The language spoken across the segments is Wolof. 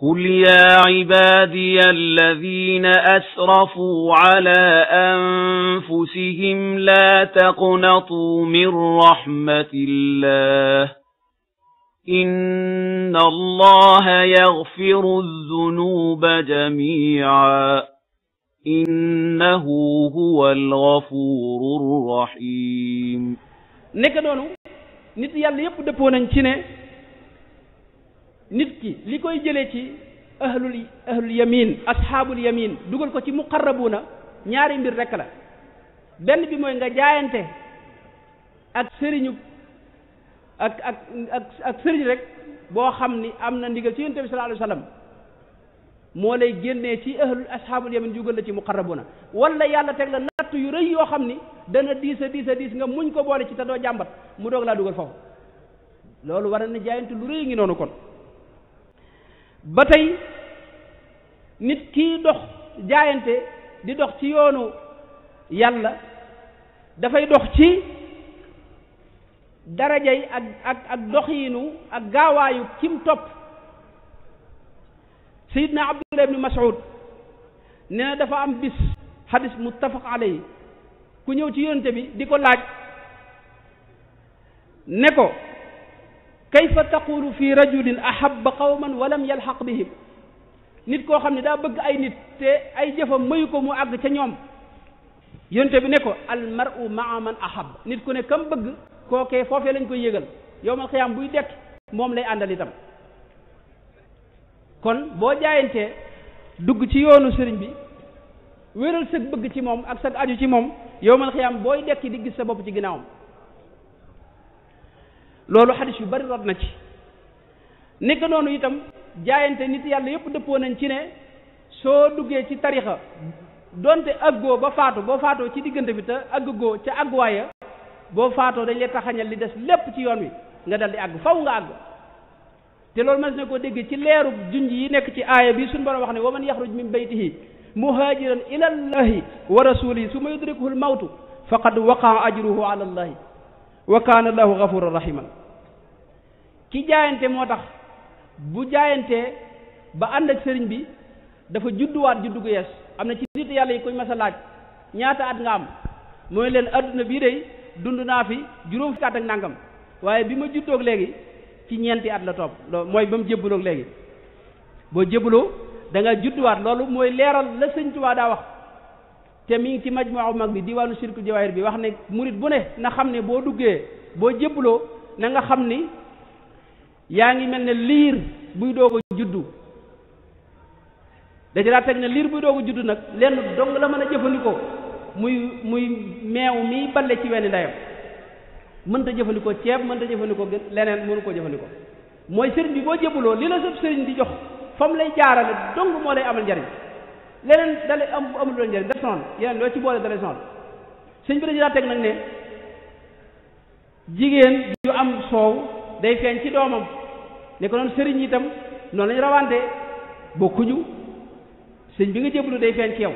قُلْ يَا عِبَادِيَ الَّذِينَ أَسْرَفُوا عَلَى أَنفُسِهِمْ لَا تَقْنَطُوا مِن رَّحْمَةِ اللَّهِ إِنَّ اللَّهَ يَغْفِرُ الذُّنُوبَ جَمِيعًا إِنَّهُ هُوَ الْغَفُورُ الرَّحِيمُ نِكَ نتيال يبدو ييب ديبو nit ki li koy jëlee ci ahlul ahlul yamin ashaabul yamin dugal ko ci na ñaari mbir rek la benn bi mooy nga jaayante ak sëriñu ak ak ak ak sëriñ rek boo xam ni am na ndigal ci yonent bi sallallahu alayhi wasallam moo lay génnee ci ahlul ashaabul yamin jugal la ci muqarrabuna wala yàlla teg la nattu yu rëy yoo xam ni dana diis a diis a diis nga muñ ko boole ci te doo jàmbat mu doog laa dugal foofu loolu war na jaayante lu rëy ngi noonu kon ba tey nit kii dox jaayante di dox ci yoonu yàlla dafay dox ci darajay ak ak ak doxiinu ak gaawaayu kim topp sayidna abdullah ibni mas'ud nee na dafa am bis xadis muttafaq alay ku ñëw ci yonte bi di ko laaj ne ko kayfa taqulu fi rajulin ahabba qawman wa lam yalxaq bihim nit koo xam ne daa bëgg ay nit te ay jëfam mayu ko mu àgg ca ñoom yonte bi ne ko al ma ma'a man ahab nit ku ne kam bëgg kookee foofee lañ koy yëgal yowmal xiyaam buy dekk moom lay àndal itam kon boo jaayantee dugg ci yoonu sëriñ bi wéral sag bëgg ci moom ak sag aju ci moom yowmal xiyaam booy dekki di gis sa bopp ci ginnaawam lolu hadith yu bari rot na ci nekk nonu itam jaayante nit yàlla yep deppo nañ ci ne so duggé ci tariha donte aggo ba faatu bo faatoo ci diggante bi ta aggo ci agguwaaya bo faatoo dañ lay taxañal li dess lépp ci yoon wi nga daldi di àgg faw nga àgg te lolu mas na koo dégg ci leeru junj yi nek ci aya bi sun borom wax ne wa man yaxruj min baytihi muhajiran ila allahi wa rasulihi suma yudrikuhu al mawtu faqad waqaa ajruhu ala allahi wa kaana lahu gafuran ki jaayante moo tax bu jaayante ba ànd ak sëriñ bi dafa judduwaat juddu gu yees am na ci nit yàlla yi koñ mas a laaj ñaata at nga am mooy leen adduna bii dey dund naa fi juróom fukki at ak nangam waaye bi ma juddoog léegi ci ñeenti at la topp loolu mooy ba mu jébbuloog léegi boo jébbaloo da nga judduwaat loolu mooy leeral la sëñ Tuubaa daa wax te mi ngi ci majmuwa mag bi diwaanu sirku jawaahir bi wax ne murit bu ne na xam ne boo duggee boo jébbaloo na nga xam ni yaa ngi mel ne liir buy doog juddu da ci ne liir buy doog a juddu nag lenn dong la mën a jëfandikoo muy muy meew miy balle ci wenn ndeyam mënta jëfandikoo ceeb mënta jëfandikoo leneen mënu koo jëfandikoo mooy sëriñ bi boo jébbaloo li la sëb sëriñ di jox fa mu lay jaarale dong moo lay amal njariñ leneen dale am amul doon njëriñ def noonu yeneen loo ci boole dale noonu sëñ bi dañu daa teg nag ne jigéen yu am soow day feeñ ci doomam ne ko noonu sëriñ itam noonu lañu rawante bokkuñu sëñ bi nga jéblu day feeñ ci yow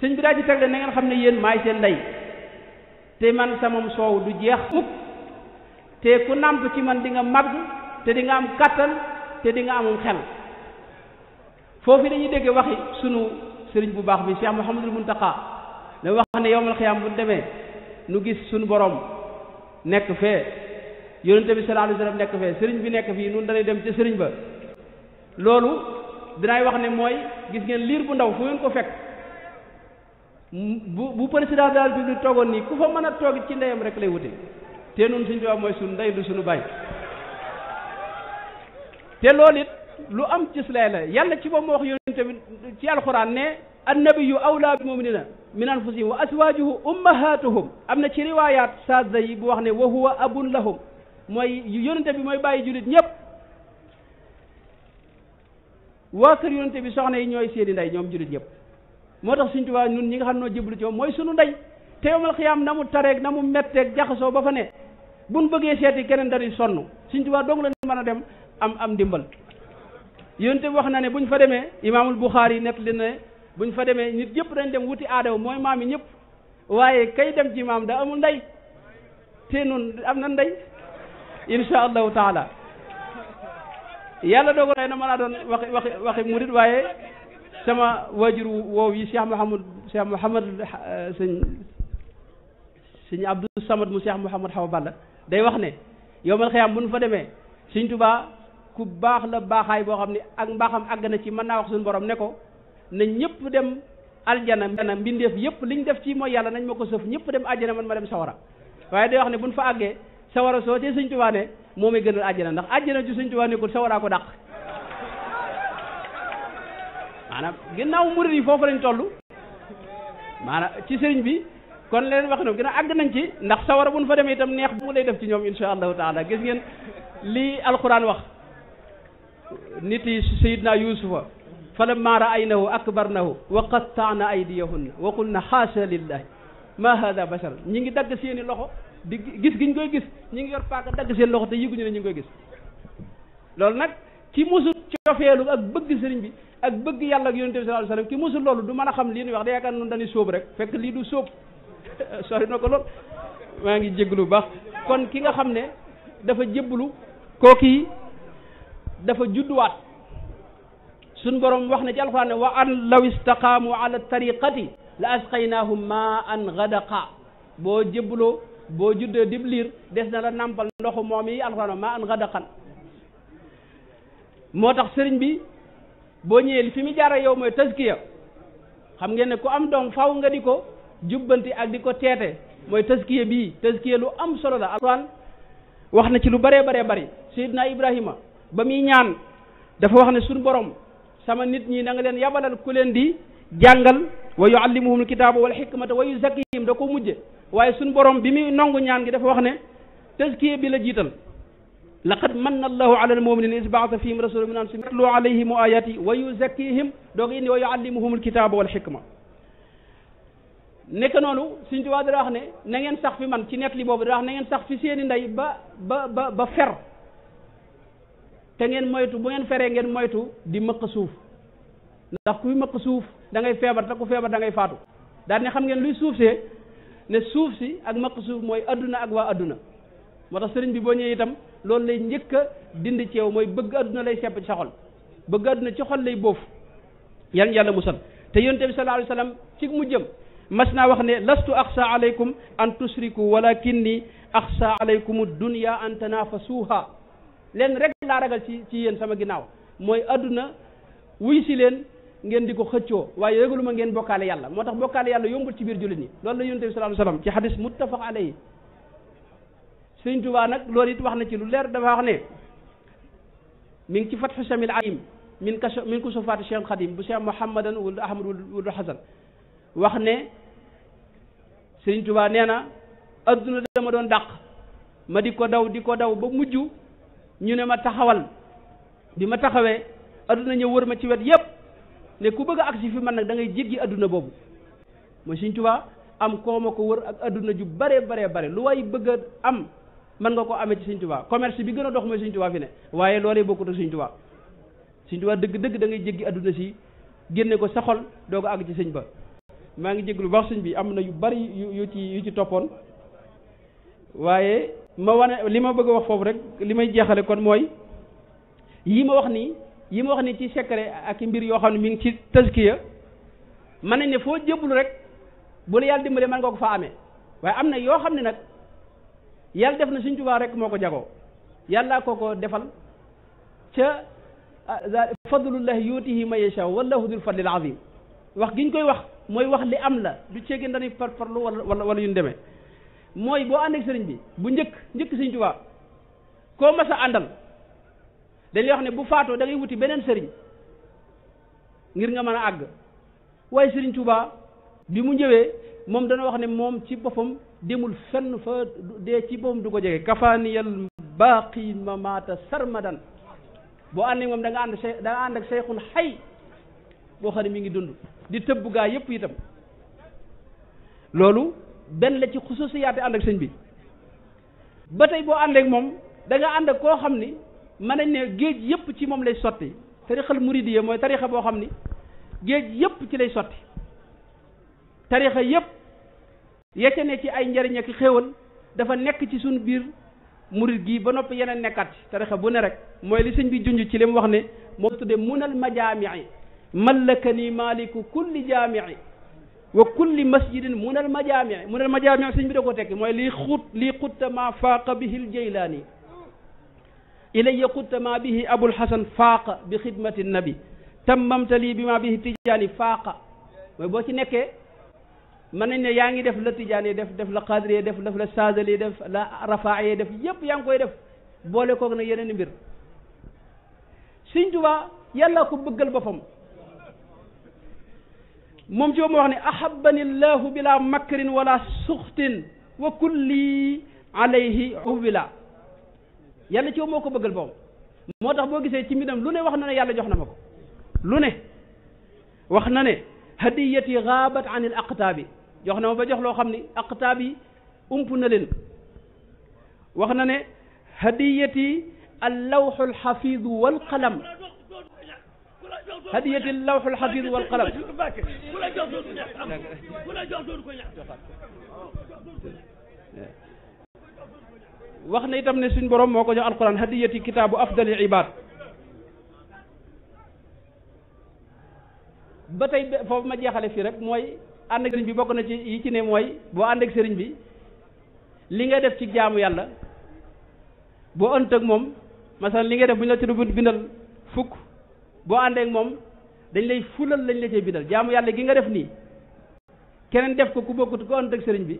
sëñ bi daa ci teg na xam ne yéen maay seen ndey te man samam soow du jeex mukk te ku nàmp ci man di nga màgg te di nga am kàttan te di nga amum xel foofu dañuy dégg waxi sunu sëriñ bu baax bi Cheikh Mouhamadul Muntaqa da wax ne yowmal xiyaam bu demee nu gis sunu borom nekk fee yonente bi sallallahu nekk fee sëriñ bi nekk fii nun dañuy dem ci sëriñ ba loolu dinaay wax ne mooy gis ngeen liir bu ndaw fu ngeen ko fekk bu bu président de la République toogoon nii ku fa mën a toogit ci ndeyam rek lay wute te nun suñ tubaab mooy sunu ndey du sunu baay te loolu it lu am cëslaay la yàlla ci moom moo wax yonente bi ci alxuraan ne annabiyu awlaa bil muminina min anfusihim wa aswaajuhu ummahatuhum am na ci riwaayaat sadda yi bu wax ne wa huwa abun lahum mooy yonente bi mooy bàyyi jullit ñëpp waa kër yonente bi soxna yi ñooy seeni ndey ñoom jullit ñëpp moo tax suñ tubaa ñun ñi nga xam noo jébbalu ci moom mooy sunu ndey te yawmal xiyaam na mu tareeg na mu metteek jaxasoo ba fa ne buñ bëggee seeti keneen dari sonn suñ tubaa dong la mën a dem am am ndimbal yonte bi wax na ne buñ fa demee imaamul Buxaari yi nett li ne buñ fa demee nit yëpp dañ dem wuti aadaw mooy maam yi ñëpp waaye kay dem ci maam da amul ndey te nun am na ndey insha allahu taala yàlla dogal na mën naa doon waxi waxi waxi murit waaye sama waajur woow yi Cheikh Mouhamad Cheikh Mouhamad eh, sëñ sëñ Abdou Samad mu Cheikh Mouhamad Xaw Balla day wax ne yow mal xiyaam bu nu fa demee sëñ Tubaa ku baax la baaxaay boo xam ne ak mbaaxam àgg na ci man naa wax suñu borom ne ko na ñëpp dem aljana mbindeef yëpp liñ def ci mooy yàlla nañ ma ko sëf ñëpp dem aljana man ma dem sawara waaye day wax ne buñ fa àggee sawara soo tee Sëñ Tuubaa ne moo may gënal aljana ndax aljana ju Sëñ Tuubaa nekkul sawaraa ko dàq maanaam ginnaaw murid yi foofu lañ toll maanaam ci sëriñ bi kon leen wax ne gën a àgg nañ ci ndax sawara buñ fa demee itam neex bu lay def ci ñoom insha allahu taala gis ngeen lii alxuraan wax nit yi sayidna yusufa falamma raaynahu akbarnahu wa qattaana aydiyahunna wa qulna xaasa lillahi ma hada bashar ñi ngi dagg seeni loxo di gis giñ koy gis ñu ngi yor paaka dagg seen loxo te yëguñu ne ñi ngi koy gis loolu nag ki musul cofeelu ak bëgg sëriñ bi ak bëgg yàlla ak yonente bi sallallahu alayhi wasallam ki musul loolu du mën a xam lii ñuy wax da yaakaar noonu dañuy sóob rek fekk lii du sóob sore na ko lool maa ngi jéglu lu baax kon ki nga xam ne dafa jébbalu dafa judduwaat suñ borom wax na ci alxuraan ne wa an law istaqaamu ala tariqati la asqaynaahum ma an gadaqa boo jëbbaloo boo juddee dib des na la nàmpal ndoxu moom yi alxuraan ma an gadaqan moo tax sëriñ bi boo ñëwee li fi mu jaara yow mooy taskiya xam ngeen ne ku am doom faw nga di ko jubbanti ak di ko teete mooy taskiya bi taskiya lu am solo la alxuraan wax na ci lu bare bare bari sayidna ibrahima ba muy ñaan dafa wax ne suñu borom sama nit ñi na nga leen yabalal ku leen di jàngal wa yuallimuhum alkitaaba wal xikmata wa yuzakkihim da ko mujje waaye suñu borom bi muy nongu ñaan gi dafa wax ne tazkiya bi la jiital laqad manna allahu ala almuminina is baasa fihim rasula min anfusihim yatlu alayhim ayati wa yuzakkihim doog indi wa yuallimuhum alkitaaba wal xikma nekk noonu suñ tubaab dara ne na ngeen sax fi man ci net li boobu dara wax na ngeen sax fi seeni ndey ba ba ba ba fer te ngeen moytu bu ngeen feree ngeen moytu di mëq suuf ndax kuy mëq suuf da ngay feebar te ku feebar da ngay faatu daal ni xam ngeen luy suuf see ne suuf si ak mëq suuf mooy aduna ak waa aduna moo tax sëriñ bi boo ñëwee itam loolu lay njëkk a dindi ceew mooy bëgg aduna lay sepp ci xol bëgg aduna ci xol lay boof yan yàlla musal te yonte bi sallallahu alayhi wasallam ci mu jëm mas naa wax ne lastu axsa alaykum an tusriku walakinni axsa alaykum dunya an tanafasuha len rek laa ragal ci ci yéen sama ginnaaw mooy àdduna wuy si leen ngeen di ko xëccoo waaye ma ngeen bokkaale yàlla moo tax bokkaale yàlla yombul ci biir jullit ñi loolu la yonent bi sallallahu alayhi wasallam ci xadis muttafaq alayhi Sëriñ Tuubaa nag loolu it wax na ci lu leer dafa wax ne mi ngi ci fat samil alim min kas min kusufaati Cheikh Xadim bu Cheikh Mouhamadan wul Ahmad wul Hasan wax ne Sëriñ Tuubaa nee na adduna dama doon dàq ma di ko daw di ko daw ba mujj ñu ne ma taxawal bi ma taxawee adduna ñëw wër ma ci wet yépp ne ku bëgg a agsi fi man nag da ngay jéggi adduna boobu mooy Sëriñ Tuubaa am koo ma ko wër ak adduna ju bare bare bare lu waay bëgg am mën nga ko amee ci Sëriñ Tuubaa commerce bi gën a dox mooy Sëriñ Tuubaa fi ne waaye loolee bokkut ak Sëriñ Tuubaa Sëriñ Tuubaa dëgg dëgg dangay jéggi adduna si génne ko sa xol doo ko àgg ci sëñ ba maa ngi jéglu baax sëñ bi am na yu bari yu ci yu ci toppoon waaye ma wane li ma bëgg a wax foofu rek li may jeexale kon mooy yii ma wax nii yi ma wax nii ci secret ak i mbir yoo xam ne mi ngi ci taskiya mën nañ ne foo jébul rek bu la yàlla dimbalee mën nga ko fa amee waaye am na yoo xam ne nag yàlla def na suñ tubaa rek moo ko jagoo yàlla ko ko defal ca ah, fadlullahi yuutihi man yasha wallahu dul fadlil azim wax gi ñu koy wax mooy wax li am la du ceegin dañuy par parlu wala wala wala yu demee mooy boo ànd ak sëriñ bi bu njëkk njëkk sëriñ Tuubaa koo mas a àndal dañuy wax ne bu faatoo dangay wuti beneen sëriñ ngir nga mën a àgg waaye sëriñ Tuubaa bi mu ñëwee moom dana wax ne moom ci boppam demul fenn fa dee ci boppam du ko jege kafaaniyal baaqi mamaata sarmadan boo ànd moom da ànd say da nga ànd ak sayxun xay boo xam ne mi ngi dund di tëbb gaa yëpp itam loolu benn la ci xususiyaate ànd ak sëñ bi ba tey boo àndeek moom danga ànd ak koo xam ni mën nañ ne géej yëpp ci moom lay sotti tarixal muridiya mooy tarixa boo xam ni géej yépp ci lay sotti tarixa yëpp yecce ne ci ay njariñ ak xéewal dafa nekk ci suñu biir murid gi ba noppi yeneen nekkaat ci tarixa bu ne rek mooy li sëñ bi junj ci li mu wax ne moo tudde munal majaamii mallaka ni maaliku kulli yi وكل مسجد من المجامع من المجامع سن بي دكو تك موي لي خوت لي خوت ما فاق به الجيلاني الى يقوت ما به ابو الحسن فاق بخدمه النبي تممت لي بما به تجاني فاق موي بو سي نيكه من ني ياغي ديف لا تجاني ديف ديف لا قادري ديف ديف لا سازلي ديف لا رفاعي ديف ييب يان كوي ديف بوله نا يينن بير سن توبا يالا كو بوغل بوفم moom ci ma wax ne ahabani llahu bila makrin wala suxtin wa kulli alayhi uwila yàlla ci moo ko bëggal boom moo tax boo gisee ci mbindam lu ne wax na ne yàlla jox na ma ko lu ne wax na ne hadiyati gaabat an il aqtaabi jox na ma ba jox loo xam ni aqtaab yi ump na leen wax na ne hadiyati allawxu alxafidu walqalam hadiyati lawhul hafiz wal qalam wax na itam ne suñ borom moo ko jox alquran hadiyati kitaabu afdali ibad ba tey foofu ma jeexale fii rek mooy ànd ak sëriñ bi bokk na ci yi ci ne mooy boo ànd ak sëriñ bi li nga def ci jaamu yàlla boo ënt ak moom masalan li nga def bu ñu la tudd bindal fukk boo àndee moom dañ lay fulal lañ la cay bindal jaamu yàlla gi nga def nii keneen def ko ku bokkut ko ànd ak sëriñ bi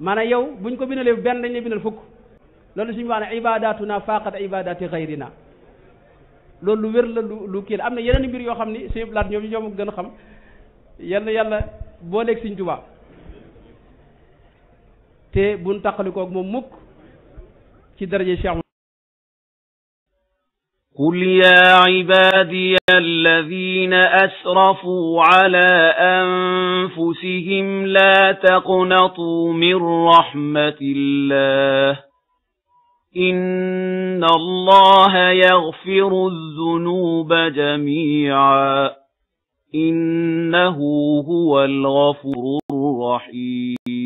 maanaam yow buñ ko bindalee benn dañ lay bindal fukk loolu suñu wax ne ibadatuna faqat ibadati xayrina loolu lu wér la lu lu kii la am na yeneen mbir yoo xam ni suñu blaat ñoom ñoom gën a xam yàlla na yàlla booleeg Sëriñ Tuubaa te buñ taqalikoo ak moom mukk ci daraje Cheikh قُلْ يَا عِبَادِيَ الَّذِينَ أَسْرَفُوا عَلَى أَنفُسِهِمْ لَا تَقْنَطُوا مِن رَّحْمَةِ اللَّهِ إِنَّ اللَّهَ يَغْفِرُ الذُّنُوبَ جَمِيعًا إِنَّهُ هُوَ الْغَفُورُ الرَّحِيمُ